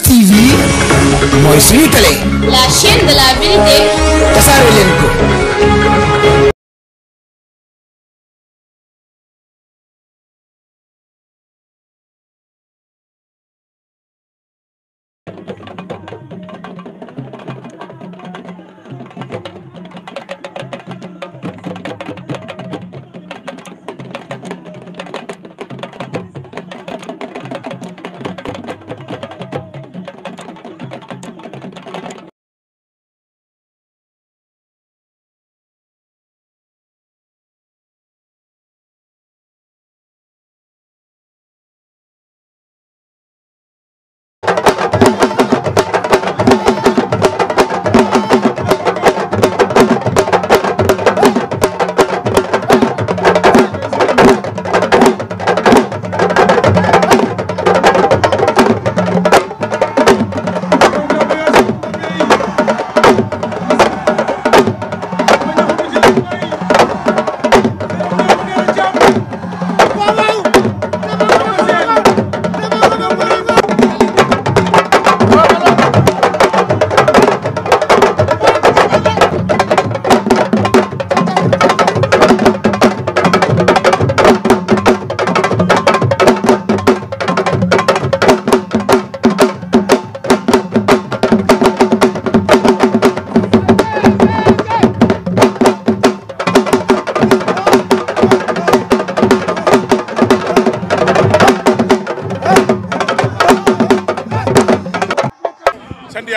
TV mooy suñu télé. la chaîne de la vérité. tasaare leen ko.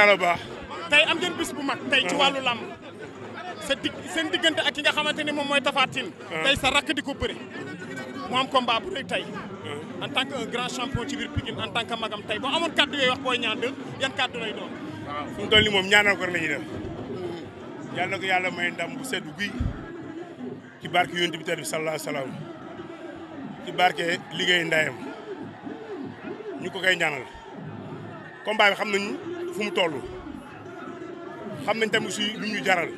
yàlla bu baax. tey am ngeen bis bu mag tey ci ah. wàllu làmb sa dig seen diggante ak ki nga xamante ni moom ah. ah. un grand champion ci biir Pikine magam tey boo amoon kàddu yooyu wax Boy Niang 2 yan kàddu lay doon. waaw fu mu toll nii moom ñaanal ko la ñuy def yàlla na ko yàlla may ndam bu sedd guy ci ñu ko koy ñaanal combat bi xam nañu. fu mu toll xam nañ tam aussi lu ñu jaral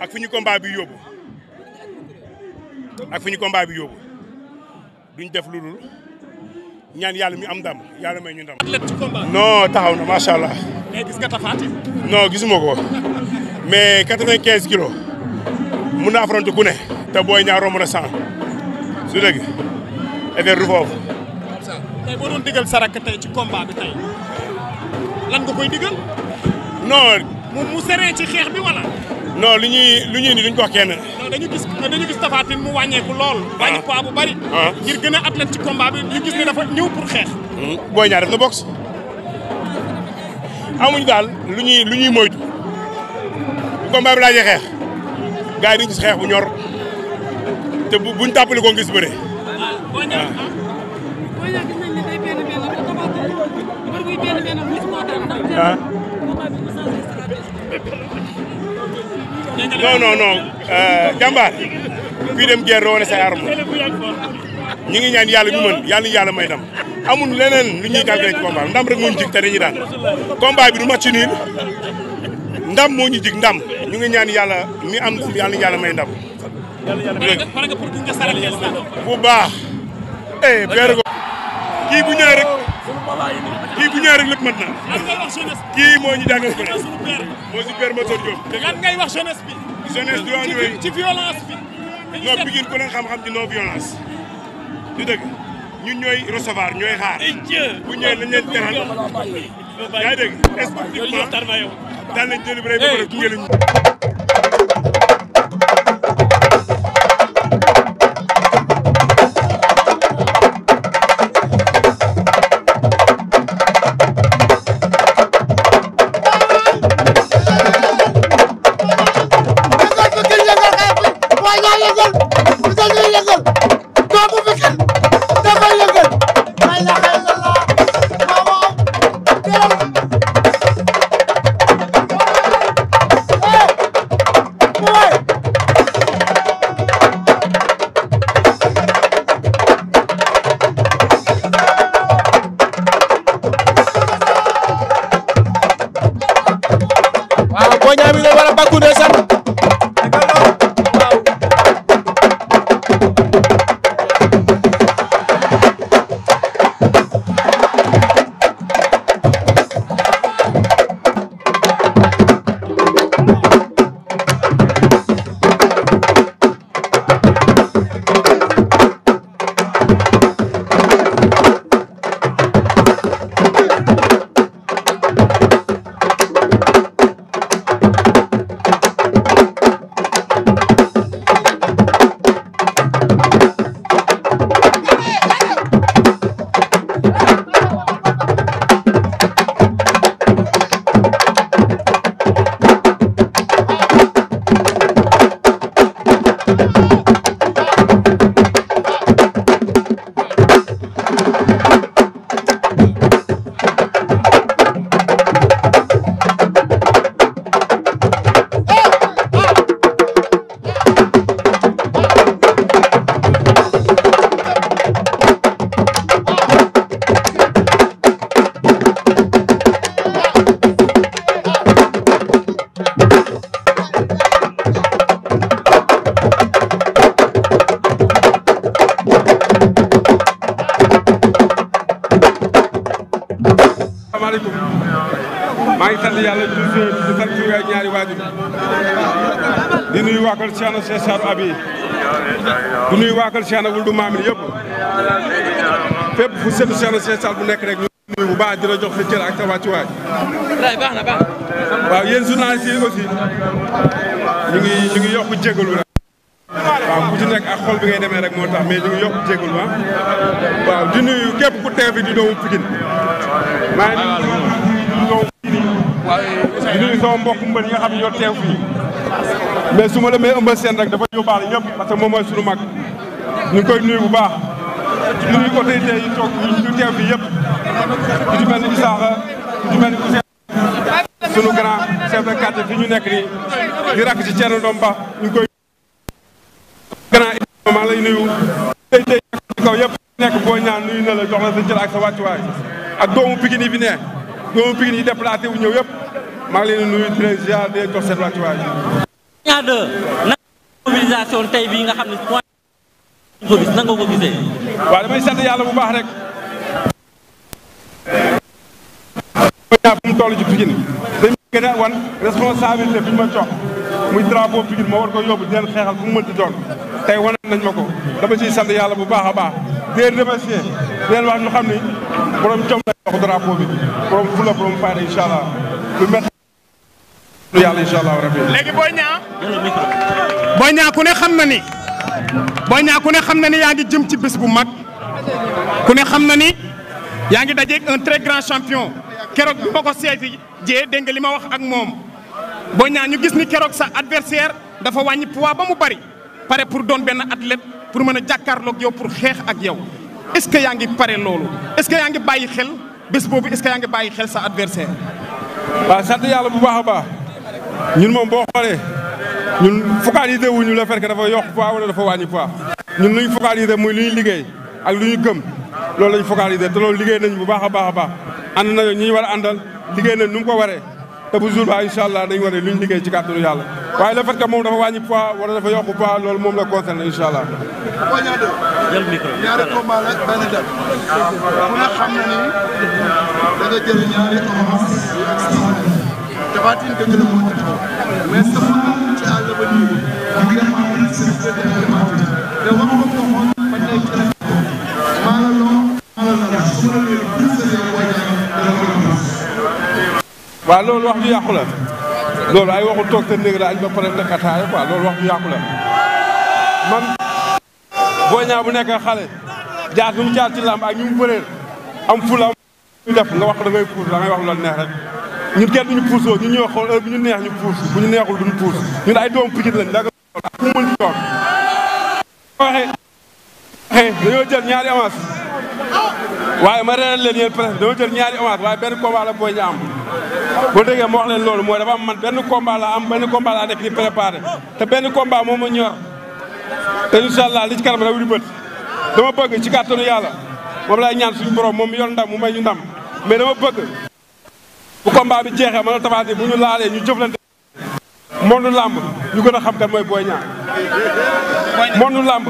ak fu ñu combat bi yóbbu ak fu ñu combat bi yóbbu duñ def lu dul ñaan yàlla mi am ndam yàlla may ñu ndam. non taxaw na macha allah. mais gis nga tafaati. non gisuma ko mais quatre-vingt-quinze kilos mun na affronter ku ne. te ñaar romb na cent su dëgg affaire du boo doon digal sa lan nga koy diggal non mu mu séré ci xeex bi wala non li ñuy lu ñuy ni duñ ko wax non dañu gis dañu gis tafatin mu wàññeeku lool wañ ko abu bari ah. ngir gëna a ci combat bi ñu gis ni dafa ñew pour xeex hmm. boy ñaar def na boxe amuñ daal lu ñuy lu ñuy moytu combat bi la xeex gars dañu gis bu ñor té buñ tàppale ko ah, boy ñaar ah. boy ñaar ah. non non non euh, jàmbaar dem guerre doo wane say ñu ngi ñaan yàlla ñu mën yàlla yàlla may ndam amul leneen lu ñuy calculer ci combat ndam rek moo ñu jig te dañuy daan combat bi du match nul ndam moo ñu jig ndam ñu ngi ñaan yàlla mi am ndam may ndam. bu baax. eh beeru kii bu ñëwee rek. kii bu ñëwee rek lépp mën naa. lan ngay wax jeunesse bi. kii moo ñu jàngal ko de. moo si père Matar Diop. lan ngay wax jeunesse bi. jeunesse bi ci ci violence bi. non Pikine ku ne xam-xam ci non violence. du dëgg ñun ñooy recevoir ñooy xaar. Eh bu ñëwee nañ leen teral. yaa ngi dégg sportivement daan nañ délibéré ba pare eh, gunge lañ. asalaamaaleykum maa ngi sant yàlla di di sant suñu ñaari waajur di nuyu waa kër Cheikhna Cheikh Sadou Abi di nuyu waa kër Cheikhna Wuldu Maamin yëpp fépp fu sëtu Cheikhna Cheikh bu nekk rek ñu nuyu bu baax di la jox fi cër ak sa wàccuwaay. baax na baax na. waaw yéen journaliste yi aussi ñu ngi ñu yokk jégalu rek. waaw ku ci nekk ak xol bi ngay demee rek moo tax mais ñu yokk jégalu ah. waaw di nuyu képp ku teew di doomu Pikine maa ngi nuyu sama mbokk mbër yi nga xam ne ñoo teew fii mais su ma la may ëmbal seen rek dafa yóbbaale ñëpp parce que moom mooy suñu mag ñu koy nuyu bu baax ñu nuyu autorité yi toog ñu teew fii yëpp ku ci mel ni Isaaxa ku ci mel ni Ousseynou suñu grand chef de quartier fi ñu nekk nii di rakk ci Thierno Ndomba ñu ngi koy grand maa lay nuyu tey yëpp nekk boo ñaan nuyu na la jox la sa ak sa wàccuwaay ak doomu Pikine yi fi ne doomu Pikine yi déplacé wu ñëw yëpp maa ngi leen di nuyu di leen ziar di leen jox seen wàccuwaay. ñaar de nag mobilisation tey nga xam ne point ko ko gisee. damay sant yàlla bu baax rek. ñaa bu mu toll ci Pikine dañ gën a wan responsabilité bi ñu ma jox muy drapeau Pikine moo war ko yóbbu di leen xeexal ku mu mënti doon tey wane nañ ma ko dama ciy sant yàlla bu baax a baax di leen remercier di xam ni borom com drapeau bi borom fula borom allah lu métti allah rabbi léegi Boy Niang Boy Niang ku ne xam na ni Boy Niang ku ne xam na ni yaa ngi jëm ci bés ne un très grand champion keroog bi ma ko seeti jee dégg nga li ma wax sa adversaire dafa wàññi poids ba mu bari pare pour doon benn athlète pour mën a jàkkaarloog yow pour xeex ak yow est-ce que yaa ngi pare est-ce que yaa ngi xel bés boobu est-ce que yaa ngi bàyyi xel sa adversaire. waaw sant yàlla bu baax a baax ñun moom boo xoolee ñun focalisé wu ñu la fekk dafa yokk poids wala dafa wàññi poids ñun lu ñu muy lu liggéey ak lu ñu gëm loolu la ñu focalisé te loolu liggéey nañu bu baax a baax a baax ànd nañu ñi war a àndal liggéey nañ nu mu ko waree. te bu jour ba incha allah dañ wane liggéey ci kàttanu yàlla waaye le fait que moom dafa wàññi poids wala dafa yokk poids loolu moom la concerné incha allah. jël micro bi ñaari combat la benn date ku ne xam na ni da nga jël ñaari combat ak style tabaat yi nga jël moo ci waaw loolu wax ju yàqu la loolu ay waxu toog te néeg la añ ba pare dëkkataay quoi loolu wax ju yàqu la man Boy Niang bu nekk xale jaar ñu jaar ci làmb ak ñu mu bëreel am fula am def nga wax da ngay puus da ngay wax lu la neex rek ñun kenn duñu puusoo ñu ñëw xool heure bu ñu neex ñu puus bu ñu neexul duñu puus ñun ay doom pigit lañ da nga ak ku mën toog waxee waxee dañoo jël ñaari avance waaye ma reeral leen yéen dama jël ñaari avance waaye benn combat la booy ña am boo déggee ma wax leen loolu mooy dafa am man benn combat la am benn combat laa nekk di préparé te benn combat moom ma ñor te incha li ci kanam rawu di bët dama bëgg ci kàttanu yàlla moom laay ñaan suñu borom moom yor ndam mu may ñu ndam mais dama bëgg bu combat bi jeexee mën a tabaati bu ñu laalee ñu jëflante moom nu làmb ñu gën a xam kan mooy booy ñaa moom nu làmb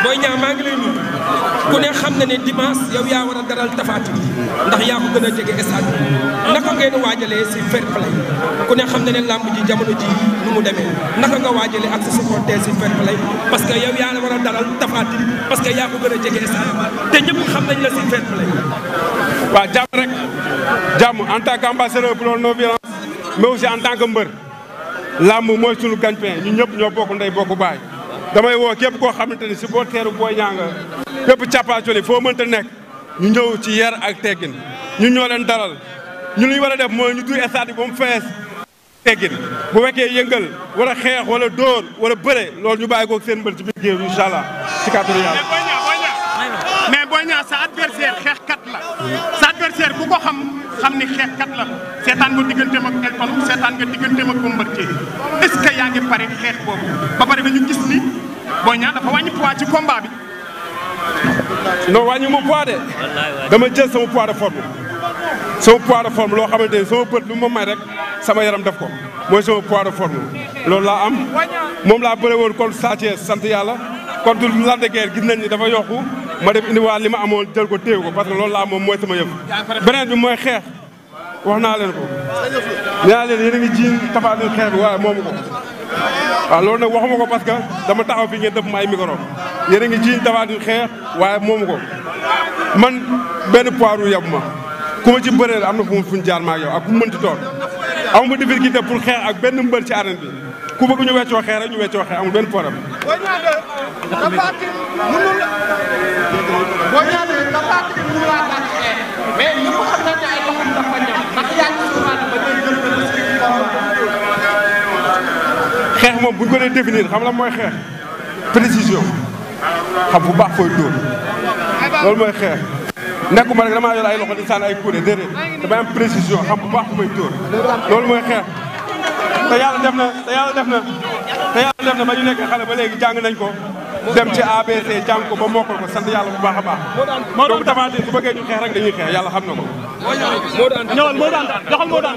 Boy Niang maa ngi lay ku ne xam na ne dimanche yow yaa war a daral tafaati ndax yaa ko gën a jege stade naka ngeen waajalee si fair play ku ne xam na ne làmb ji jamono ji nu mu demee naka nga waajalee ak sa supporter si fair play parce que yow yaa la war a daral tafaati parce que yaa ko gën a jege stade te ñëpp xam nañ la si fair play waaw jàmm rek jàmm en tant qu'ambassadeur pour la non violence mais aussi en tant que mbër làmb mooy sunu gagne-pain ñun ñëpp ñoo bokk ndey bokk baay damay woo képp koo xamante ni supporteru Boy Niang nga képp càppaacoli foo mënta nekk ñu ñëw ci yar ak teggin ñu ñoo leen dalal ñu li war a def mooy ñu duy stade bi mu fees tegin bu wekee yëngal wala xeex wala dóor wala bëre loolu ñu bàyyi ko seen mbër ci biir géew incha allah ci Boy sa adversaire kat la sa adversaire bu ko xam xamni xex kat la mo setan nga est-ce que ya ngi xex bobu ba ñu gis ni dafa wañu poids ci combat bi. non poids de. dama jël sama poids de forme. sama poids de forme lo sama may rek sama yaram ko sama poids de forme la am mom la kon Sa de gis ni dafa yokku. ma dem indiwaat li ma amoon jël ko téew ko parce que loolu laa moom mooy sama yëf beneen bi mooy xeex wax naa leen ko nee naa leen yéen a ngi jiin tafaatin xeex bi waaye moomu ko waaw loolu nag waxuma ko parce que dama taxaw fi ngeen def ma ay micro yéen a ngi jiin tafaatin xeex waaye moomu ko man benn poids yab ma ku ma ci bëreel am na fu mu fuñ jaar ma ak yow ak ku mënti toog amu ma difficulté pour xeex ak benn mbër ci arène bi ku bëgg ñu weccoo xeer rek ñu weccoo amul benn problème. boo ñaanee dafa at mënul boo ñu xam nañ ne ay waxam dafa ñëw ndax yaa ngi suufaat xeex moom bu ñu ko dee xam la mooy xeex précision xam bu baax fooy dóor loolu mooy xeex nekkuma rek damaa yor ay loxo di sànni ay kuréel déedéet damay am précision xam bu baax fu dóor loolu mooy xeex. te yàlla def na te yàlla def na te yàlla def na ba ñu nekk xale ba léegi jàng nañ ko dem ci ABC jàng ko ba mokkal ko sant yàlla bu baax a baax donc Tapha Tine bu bëggee ñu xeex rek dañuy xeex yàlla xam na ko ñëwal moo daan joxal moo daan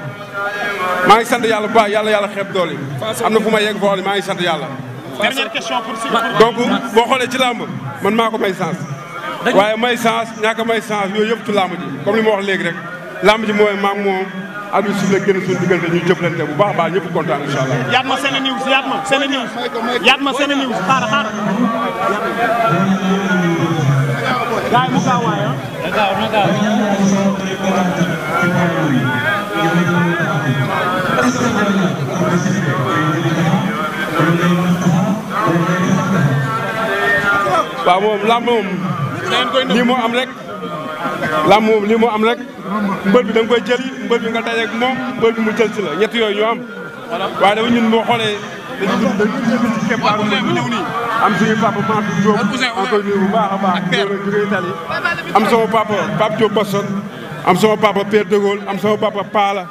maa ngi sant yàlla bu baax yàlla yàlla xeeb doole am na fu ma yegg foo xam ne maa ngi sant yàlla. dernière question pour donc boo xoolee ci làmb man maa ko may chance. waaye may chance ñàkk a may chance yooyu yëpp ci làmb ji comme li ma wax léegi rek làmb ji mooy maam moom. am na suuf la gën a suñu diggante ñu jëflante bu baax a baax ñëpp kontaan incha allah. yaat ma seen news yaat ma seen news yaat ma seen news xaar xaar. gars mu gaaw waay ah. waaw moom làmb moom lii moo am moom am rek mbër bi da koy jëli mbër bi nga dajeeg moom mbër bi mu jël si la ñett yooyu ñoo am waaye ñun boo xoolee dañuy dañuy jël ci keppaaru bi am suñu papa Mansour Diop ma koy nuyu bu baax a baax jógee Italie am sama papa Pape Diop Boston am sama papa Pierre de Gaulle am sama papa Pala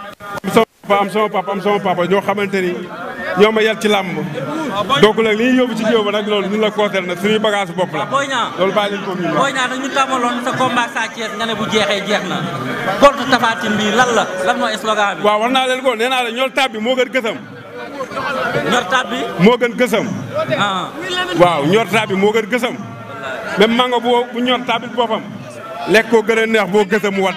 papa am sama papa am sama papa ñoo xamante ni ñoo ma yar ci làmb donc nag li ñuy yóbbu ci géew ba nag loolu ñun la kooteel na suñuy bagage bopp la. loolu bàyyi leen ko ñun la. ñaa dañu tàmbaloon sa ne bu jeexee jeex na contre Tapha Tine lan la lan mooy waaw war naa leen ko nee naa la ñool tab bi moo gën gësam. ñor taat bi moo gën gësam. Ah. waaw ñor bi moo gën gësam. même mango bu bu ñor taat boppam lekk koo gën a neex boo mu wadd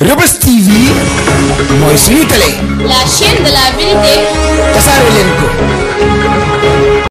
Reubeuss TV mooy suñu télé. la chaîne de la vérité. tasaare leen ko.